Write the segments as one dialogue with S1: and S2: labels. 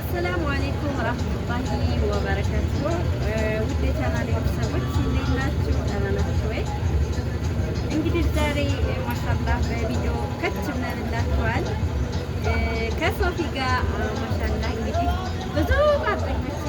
S1: አሰላሙ አሌይኩም ወራህመቱላሂ ወበረካቱ። ውድ የቻናሌ ሰዎች እንዴት ናችሁ? ደህና ናችሁ ወይ? እንግዲህ ዛሬ ማሻላህ በቪዲዮ ከች ብለንላችኋል ከሶፊ ጋር ማሻላህ እንግዲህ ብዙ ጓደኞቼ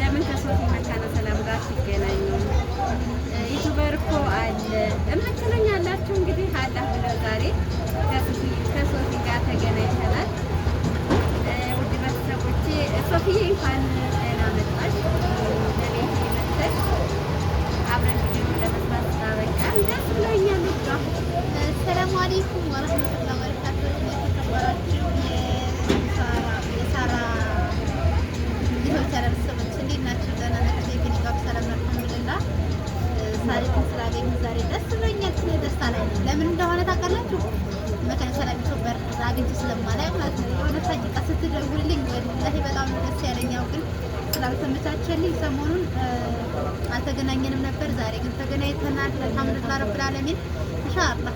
S1: ለምን ከሶፊ መካነ ሰላም ጋር ሲገናኙ
S2: ሰሞኑን አልተገናኘንም ነበር። ዛሬ ግን ተገናኝተናል። አልሐምዱሊላህ ረብል ዓለሚን ኢንሻአላህ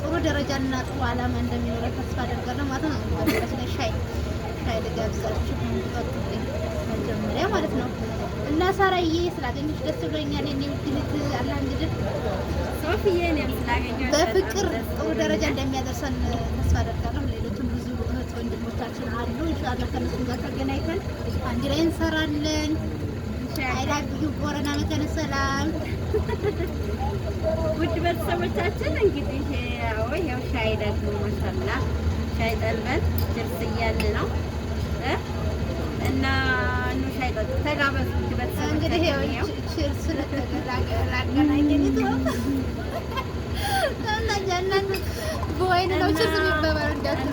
S2: ጥሩ ደረጃ እና ጥሩ አላማ እንደሚኖረ ተስፋ አደርጋለሁ ማለት ነው። ማለት ነው ሻይ ሻይ ልጋብዛችሁ እንጠጡልኝ መጀመሪያ ማለት ነው። እና ሳራዬ ስላገኘሽ ደስ ብሎኛል። እኔ ውድልት አላህ እንግዲህ ሶፊዬ እኔም ስላገኘሽ በፍቅር ጥሩ ደረጃ እንደሚያደርሰን ተስፋ አደርጋለሁ። ሌሎችም ብዙ እህት ወንድሞቻችን አሉ። ኢንሻአላህ ከነሱ ጋር ተገናኝተን አንድ ላይ እንሰራለን።
S1: ውድ ቤተሰቦቻችን እንግዲህ ያው ሻይ ደግሞ ማሻላ ሻይ ጠልበን ችርስ እያለ ነው እና ኑ ሻይ ጠጡ፣ ተጋበዙ። ውድ ቤተሰቦቻችን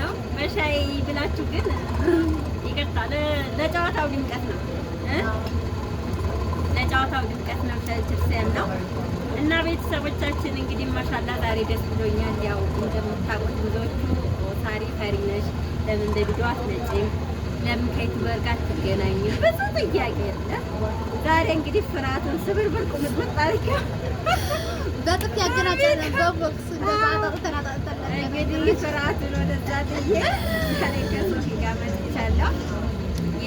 S1: ነው በሻይ ብላችሁ ግን ይቅርታ ለጨዋታው ድምቀት ነው። ለጨዋታው ድምቀት መምሰል ችርሰን ነው እና ቤተሰቦቻችን እንግዲህ ማሻላ ዛሬ ደስ ብሎኛል። ያው እንደምታውቁት ብዙዎቹ ሳሪ ፈሪነሽ ለምን እንደ ቪዲዮ አትመጪም? ለምን ከዩቲዩበር ጋር አትገናኝም? ብዙ ጥያቄ አለ። ዛሬ እንግዲህ ፍርሃቱን ስብርብር ቁምጥምጥ አድርጌ በጥፍ ያገናኛል በቦክስ እንግዲህ ፍርሃቱን ወደዛ ጥዬ ከሶፊ ጋር መጥቻለሁ።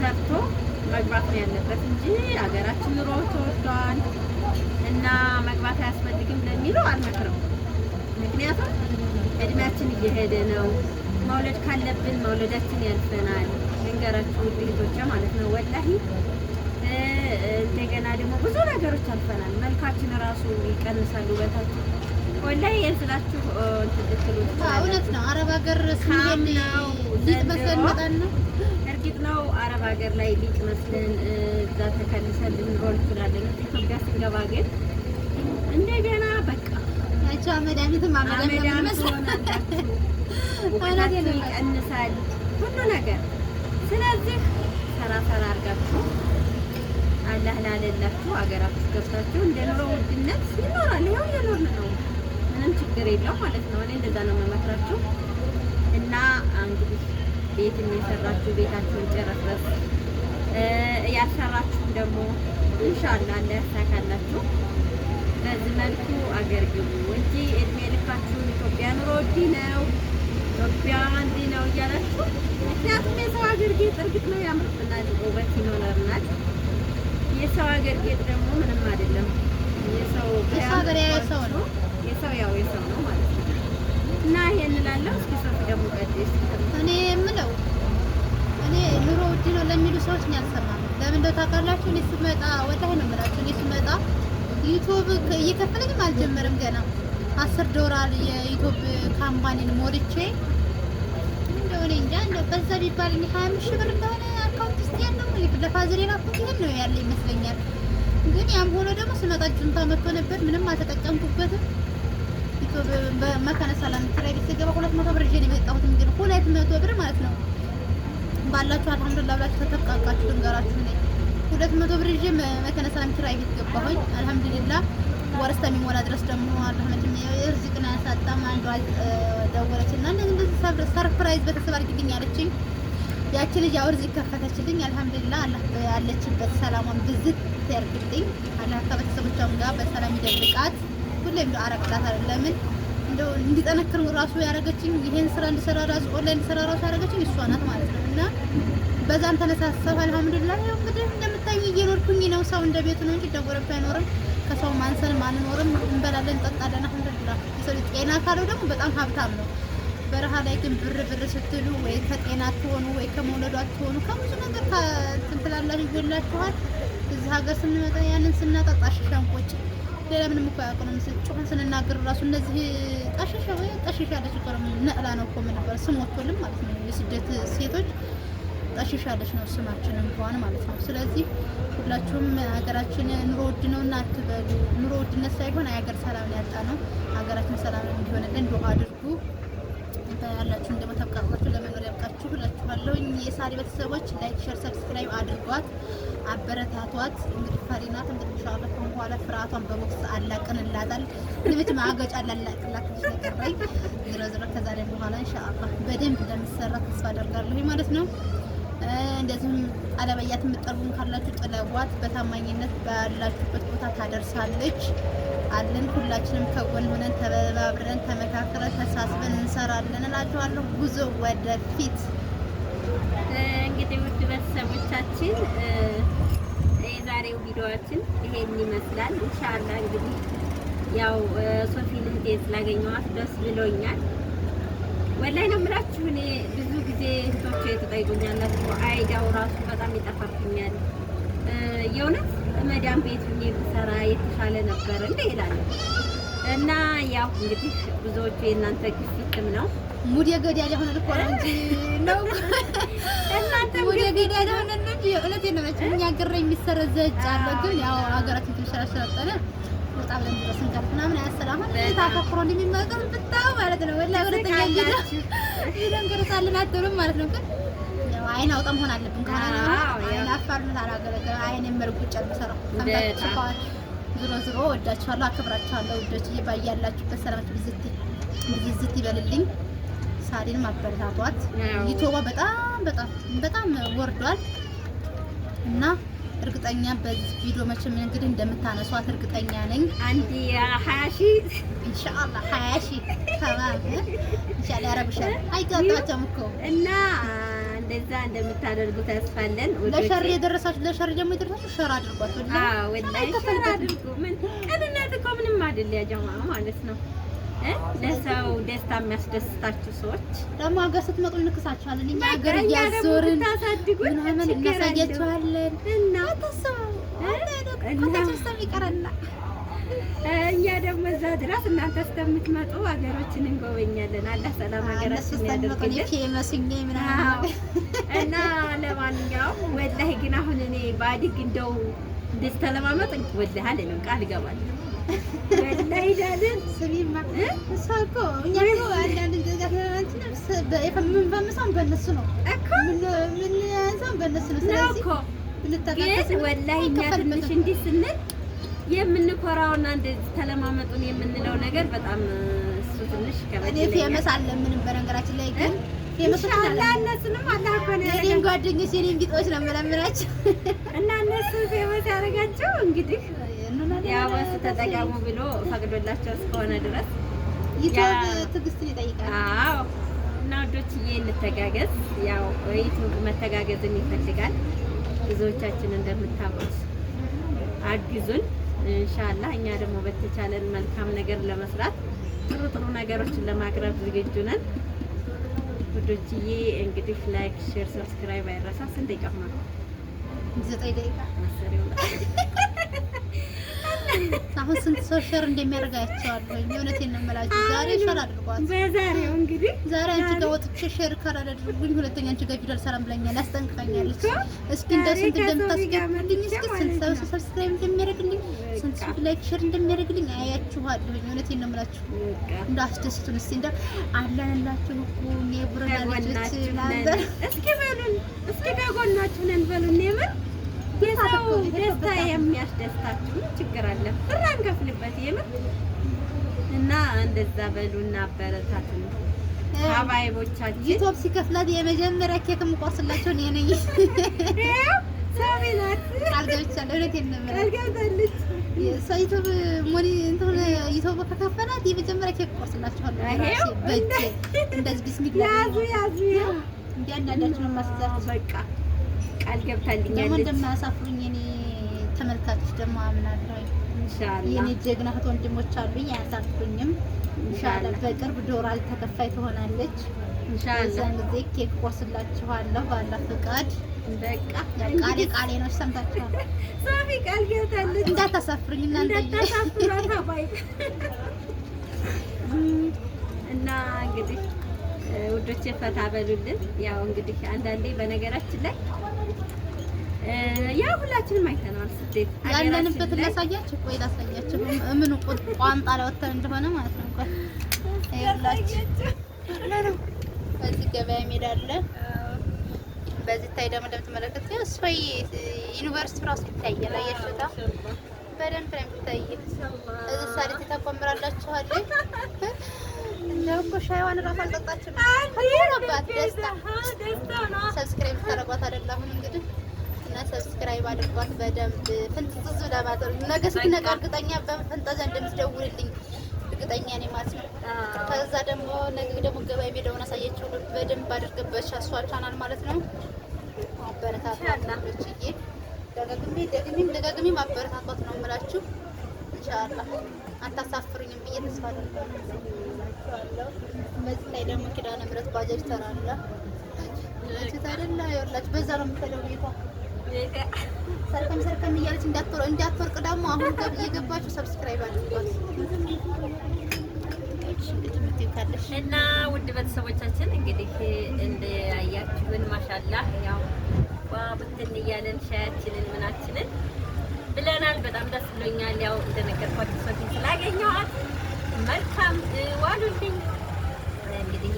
S1: ሰርቶ መግባት ነው ያለበት እንጂ ሀገራችን ኑሮ ተወዷል እና መግባት አያስፈልግም ለሚሉ አልመክርም። ምክንያቱም እድሜያችን እየሄደ ነው። መውለድ ካለብን መውለዳችን ያልፈናል። መንገራችሁ ውድ ማለት ነው ወላሂ እንደገና ደግሞ ብዙ ነገሮች አልፈናል። መልካችን ራሱ ይቀንሳል፣ ውበታችን ወላሂ ይሄን ስላችሁ ትክክሉ እውነት ነው። አረብ ሀገር ስንሄድ ሊት በሰል መጣን ነው ነው አረብ ሀገር ላይ ሊቅ መስለን እዛ ተከልሰን ልንኖር እንችላለን። ኢትዮጵያ ስንገባ ግን እንደገና በቃ ቻ መድኃኒትም አመዳመመስላናትን ይቀንሳል ሁሉ ነገር። ስለዚህ ሰራ ሰራ አድርጋችሁ አላህ ላለላችሁ ሀገራችሁ ገብታችሁ እንደ ኑሮ ውድነት ይኖራል። ይኸው እየኖርን ነው፣ ምንም ችግር የለው ማለት ነው። እኔ እንደዛ ነው መመክራችሁ እና እንግዲህ ቤት የሰራችሁ ቤታችሁን ጨረስረስ ያልሰራችሁም ደግሞ ኢንሻላ እንዳያሳካላችሁ በዚህ መልኩ አገር ግቡ እንጂ እድሜ ልካችሁን ኢትዮጵያ ኑሮ እንዲህ ነው፣ ኢትዮጵያ እንዲህ ነው እያላችሁ ምክንያቱም የሰው ሀገር ጌጥ እርግጥ ነው ያምርብናል፣ ውበት ይኖረናል። የሰው ሀገር ጌጥ ደግሞ ምንም አይደለም። የሰው ያው የሰው ነው ማለት ነው። እና ይሄን እላለሁ።
S2: ደግሞ እኔ የምለው እኔ ኑሮ ውድ ነው ለሚሉ ሰዎች እኔ አልሰማም። ለምን እንደው ታውቃላችሁ? እኔ ስመጣ ወላሂ ነው የምላችሁ። እኔ ስመጣ ዩቲዩብ እየከፈለኝም አልጀመርም ገና አስር ዶላር የዩቲዩብ ካምፓኒን ሞልቼ እንደው እንጃ እንደው በዛ ቢባል እኔ ሀያ አምስት ሺህ ብር እንደሆነ አካውንት ውስጥ ያለው ለፋዘሬ ላኩት ይሄን ነው ያለ ይመስለኛል። ግን ያም ሆኖ ደግሞ ስመጣ ጁንታ መጥቶ ነበር። ምንም አልተጠቀምኩበትም። መካነ ሰላም ትራይ ቤት ስገባ ሁለት መቶ ብር ይዤ ነው የመጣሁት። እንግዲህ ሁለት መቶ ብር ማለት ነው ባላችሁ አልሐምዱሊላህ ብላችሁ ተተቃቃችሁ ልንገራችሁ ነኝ። ሁለት መቶ ብር ይዤ መካነ ሰላም ትራይ ቤት ገባሁኝ። አልሐምዱሊላህ ወር እስከሚሞላ ድረስ ደግሞ አላህ መቼም ያሳጣም። አንዷ ደወለችና እንደዚህ እንደዚህ ሰርፕራይዝ በተሰብ አድርጊልኝ አለችኝ። ያቺ ልጅ ያው ርዝቅ አልሐምዱሊላህ አላህ ያለችበት ሰላሟን ብዝት ያርግልኝ። አላህ ከቤተሰቦቿም ጋር በሰላም ይደብቃት። ሁሌም ዱዓ አረግላታለሁ። ለምን እንደው እንዲጠነክር ራሱ ያደረገችኝ ይሄን ስራ እንድሰራ ራሱ ኦንላይን ስራ ራሱ ያደረገችኝ እሷ ናት ማለት ነው። እና በዛም ተነሳሰብ አልሐምዱሊላህ። ያው እንግዲህ እንደምታዩ እየኖርኩኝ ነው። ሰው እንደ ቤቱ ነው እንጂ ደጎረብ አይኖርም። ከሰው ማንሰንም አንኖርም። እንበላለን፣ እንጠጣለን። አልሐምዱሊላህ። የሰው ጤና ካለው ደግሞ በጣም ሀብታም ነው። በረሃ ላይ ግን ብር ብር ስትሉ ወይ ከጤና ትሆኑ ወይ ከመውለዱ አትሆኑ ከብዙ ነገር ትንትላላችሁ ይላችኋል። እዚህ ሀገር ስንመጣ ያንን ስናጣጣሽ ሸንቆጭ ሌላ ምንም እኮ አያውቁንም። ጩኸን ስንናገር እራሱ እነዚህ ጠሸሻ ወይ ጠሸሻ አለች እኮ ነው ነዕላ ነው እኮ የምንባል ስም ወጥቶልም ማለት ነው። የስደት ሴቶች ጠሸሻ አለች ነው ስማችን እንኳን ማለት ነው። ስለዚህ ሁላችሁም ሀገራችን ኑሮ ውድ ነው እና አትበሉ። ኑሮ ውድነት ሳይሆን የሀገር ሰላም ያጣ ነው። ሀገራችን ሰላም እንዲሆንልን ዱዐ አድርጉ። ያላችሁ እንደሞ ተብቃቅላችሁ ለመኖር ያብቃችሁ እላችኋለሁ። የሳሪ ቤተሰቦች ላይክ፣ ሸር፣ ሰብስክራይብ አድርጓት። አበረታቷት። እንግዲህ ፈሪናት እንግዲህ ኢንሻአላ ከሆነ በኋላ ፍርሃቷን በቦክስ አላቅንላታል። ልብት ማገጫ አላቅንላት ልጅ ዝረዝረ ከዛ ላይ በኋላ እንሻአላ በደንብ እንደምትሰራ ተስፋ አደርጋለሁ ማለት ነው። እንደዚህም አለበያት የምትጠርቡን ካላችሁ ጥለዋት፣ በታማኝነት ባላችሁበት ቦታ ታደርሳለች። አለን ሁላችንም ከጎን ሆነን ተበባብረን ተመካክረን ተሳስበን እንሰራለን እላችኋለሁ። ጉዞ ወደፊት
S1: እንግዲህ ውድ ቤተሰቦቻችን የዛሬው ቪዲዮአችን ይሄን ይመስላል። እንሻላ እንግዲህ ያው ሶፊን እንዴት ስላገኘኋት ደስ ብሎኛል። ወላይ ነው የምላችሁ። እኔ ብዙ ጊዜ እህቶቼ ትጠይቁኛላችሁ፣ አይዳው ራሱ በጣም ይጠፋብኛል። የእውነት መዳም ቤት ብሰራ የተሻለ ነበር እንደ ይላለሁ። እና ያው እንግዲህ ብዙዎቹ የእናንተ ግፊትም ነው ሙድ የገዳል የሆነ እኮ ነው እንጂ ነው እናንተ ሙድ የገዳል የሆነ ነው እንጂ
S2: እውነቴን ነው። መቼም እኛ ግር የሚሰረዘጭ አለ። ግን ያው ሀገራችን ትንሽ ስላጠረ ወጣ ብለን ድረስ እንቀርት ምናምን አያሰላም። ታከፍሮ እንደሚመጣው ብታው ማለት ነው ወላ ሁለተኛ ጊዜ ይሄን ገርሳልን አትሉም ማለት ነው። ግን አይን አውጣ መሆን አለብን። ከሆነ አይን አፋር ነው ታላገለ አይን የመርቁ ጨርሰራ ታምጣ ጽፋው ዝሮ ዝሮ ወዳችኋለሁ፣ አክብራችኋለሁ። ውዶች ባያላችሁበት ሰላማችሁ ብዝት ብዝት ይበልልኝ። ሳሪን ማበረታቷት ይቶባ በጣም በጣም በጣም ወርዷል እና እርግጠኛ በዚህ ቪዲዮ መቼም እንግዲህ እንደምታነሷት እርግጠኛ ነኝ። አንድ
S1: ሀያሺ ኢንሻአላህ ሀያሺ ሺህ ተባብ ኢንሻአላህ ያረብሻል አይቀጣቸውም
S2: እኮ እና
S1: እንደዛ እንደምታደርጉ ተስፋ አለን። ለሸር
S2: የደረሳችሁ ለሸር ደግሞ የደረሳችሁ ሸር አድርጓችሁ። አዎ ወላይ ሸር አድርጉ።
S1: ምን ቀንነት እኮ ምንም አይደል ያ ጀማ ማለት ነው። ለሰው ደስታ የሚያስደስታችሁ ሰዎች
S2: ደግሞ ሀገር ስትመጡ እንክሳችኋለን። እኛ ሀገር እያዞርን ምናምን እናሳያችኋለን
S1: እና ተሰሙ እና ተሰሙ ይቀረናል እኛ ደግሞ እዛ ድረስ እናንተ እስከምትመጡ ሀገሮችን እንጎበኛለን። አላህ ሰላም ሀገራችን ያደርግልን እና ለማንኛውም ወላሂ ግን አሁን እኔ ባዲግ እንደው እንደተለማመጥ ወላሂ አለንም ቃል እገባለሁ።
S2: ወላሂ ዳልን ስሚማ እሷ እኛ እኮ አንዳንድ ዜጋት
S1: የምንፈምሰውን በእነሱ ነው እኮ የምንያዘውን በእነሱ ነው። ስለዚህ ግን ወላሂ እኛ ትንሽ እንዲህ ስንል የምንኮራውና እንደዚህ ተለማመጡን የምንለው ነገር በጣም እሱ ትንሽ ከበድ እኔ ፌመስ አልለምንም። በነገራችን
S2: ላይ ግን ፌመስ አላነስንም። አላህ እኮ ነው የእኔን ጓደኞች የእኔን ቢጦች ነው የምለምናቸው
S1: እና እነሱ ፌመስ ያደረጋቸው እንግዲህ
S2: ያው እሱ ተጠቀሙ
S1: ብሎ ፈቅዶላቸው እስከሆነ ድረስ ይተው ትዕግስትን ይጠይቃል። አዎ እና ወዶች ወዶችዬ እንተጋገዝ። ያው ዩቲዩብ መተጋገዝን ይፈልጋል። ብዙዎቻችን እንደምታውቁት አግዙን። እንሻላ እኛ ደግሞ በተቻለን መልካም ነገር ለመስራት ጥሩ ጥሩ ነገሮችን ለማቅረብ ዝግጁ ነን። ውዶችዬ እንግዲህ ላይክ፣ ሼር፣ ሰብስክራይብ አይረሳ። ስንት ደቂቃ ዘጠኝ ደቂቃ አሁን ስንት ሰው
S2: ሸር እንደሚያደርግ አያቸዋለሁ። የእውነቴን ነው የምላችሁ። ዛሬ ሸር አድርጓት። በዛሬው እንግዲህ ዛሬ አንቺ ጋር ወጥቼ ሸር ካላደረግኩኝ ሁለተኛ አንቺ ጋር ፊደል ሰላም ብላኛል፣ አስጠንቅቃኛለች። እስኪ እንደው ስንት እንደምታስገብልኝ እስኪ ስንት ሰው ሰብስክራይብ እንደሚያደርግልኝ ስንት ሰው ላይክ ሸር እንደሚያደርግልኝ አያችኋለሁ። የእውነቴን ነው የምላችሁ። እንደው እስኪ እንደው አለንላችሁ እኮ
S1: እኔ ብረናለች ልች እስኪ በሉን እስኪ ደጎናችሁ ነን በሉን ምን የሰው ደስታ የሚያስደስታችሁ ችግር አለ፣ ብር አንከፍልበት የምር እና እንደዛ በሉና አበረታቱን።
S2: አባይቦቻችን ዩቲዩብ ሲከፍላት የመጀመሪያ ኬክ የምቆርስላቸው እኔ ነኝ። ከከፈላት የመጀመሪያ ኬክ ቆርስላችኋለሁ። እንደዚህ ቢስሚላ ያዙ ያዙ። እንዲያናዳችሁ ነው የማስይዛችሁ በቃ ቃል ገብታልኛለች። እንደማያሳፍሩኝ እኔ ተመልካቾች ደግሞ አምናለሁ። ኢንሻአላህ የኔ ጀግና እህት ወንድሞች አሉኝ፣ አያሳፍሩኝም። ኢንሻአላህ በቅርብ ዶላር ተከፋይ ትሆናለች። ኢንሻአላህ እዛን ጊዜ ኬክ ቆርስላችኋለሁ ባላ ፍቃድ። በቃ ቃሌ ቃሌ ነው። ሰምታችኋል። ሶፊ ቃል ገብታለች። እንዳታሳፍሩኝ እናንተ እንዳታሳፍሯት አባይ
S1: እና እንግዲህ ውዶቼ ፈታ በሉልን። ያው እንግዲህ አንዳንዴ በነገራችን ላይ ያ ሁላችንም አይተናል። ስደት ያለንበትን ላሳያችሁ።
S2: ቆይ ላሳያችሁ። ምኑ ቋንጣ ላወተን እንደሆነ ማለት ነው። ቆይ በዚህ ገበያ ሜዳ አለ። በዚህ ታይ ደግሞ እንደምትመለከት እሷዬ ዩኒቨርሲቲ ራሱ ይታያል። አያችሁታ? በደንብ ነው የሚታየው። እዚህ ሳሪት ተቆምራላችኋል። ሻይዋን እራሱ አልጠጣችም። ሁሉ ነባት ደስታ። ሰብስክራይብ ታደርጓት አይደለም እንግዲህ እና ሰብስክራይብ አድርጓት በደንብ ፍንጥዝ ለማጠር ነገ ስትነቃ እርግጠኛ በፈንጠዛ እንደምትደውልልኝ እርግጠኛ ነኝ ማለት ነው። ከዛ ደግሞ ነገ ደግሞ ገበያ ሜዳውን አሳያችሁ በደንብ አድርገበት እሷ ቻናል ማለት ነው። አበረታቷት ችዬ ደጋግሜ ደግሜም ደጋግሜም አበረታቷት ነው የምላችሁ። ኢንሻአላህ አታሳፍሩኝም ብዬ ተስፋ አደርጋለሁ። በዚህ ላይ ደግሞ ኪዳነ ምህረት ባጃጅ ተራ አለ። በዛ ነው የምትለው ቤቷ ሰርከም ሰርከም እያለች እንዳትወርቅ ደግሞ አሁን እየገባችሁ ሰብስክራይብ አድርጓት
S1: እና ውድ ቤተሰቦቻችን እንግዲህ እንደያችሁን ማሻላህ ያው ቧብትን እያለን ሻያችንን ምናችንን ብለናል። በጣም ደስ ብሎኛል። ያው እንደነገርኳችሁ ሰው ስላገኘኋት መልካም ዋሉልኝ።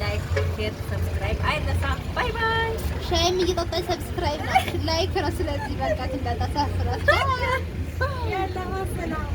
S1: ላይክ፣ ሰብስክራይብ አይረሳም። ባይ ባይ።
S2: ሻይም እየጠጣች ሰብስክራይብ ላይክ ነው። ስለዚህ በቃ እንዳታሳፍራችሁ።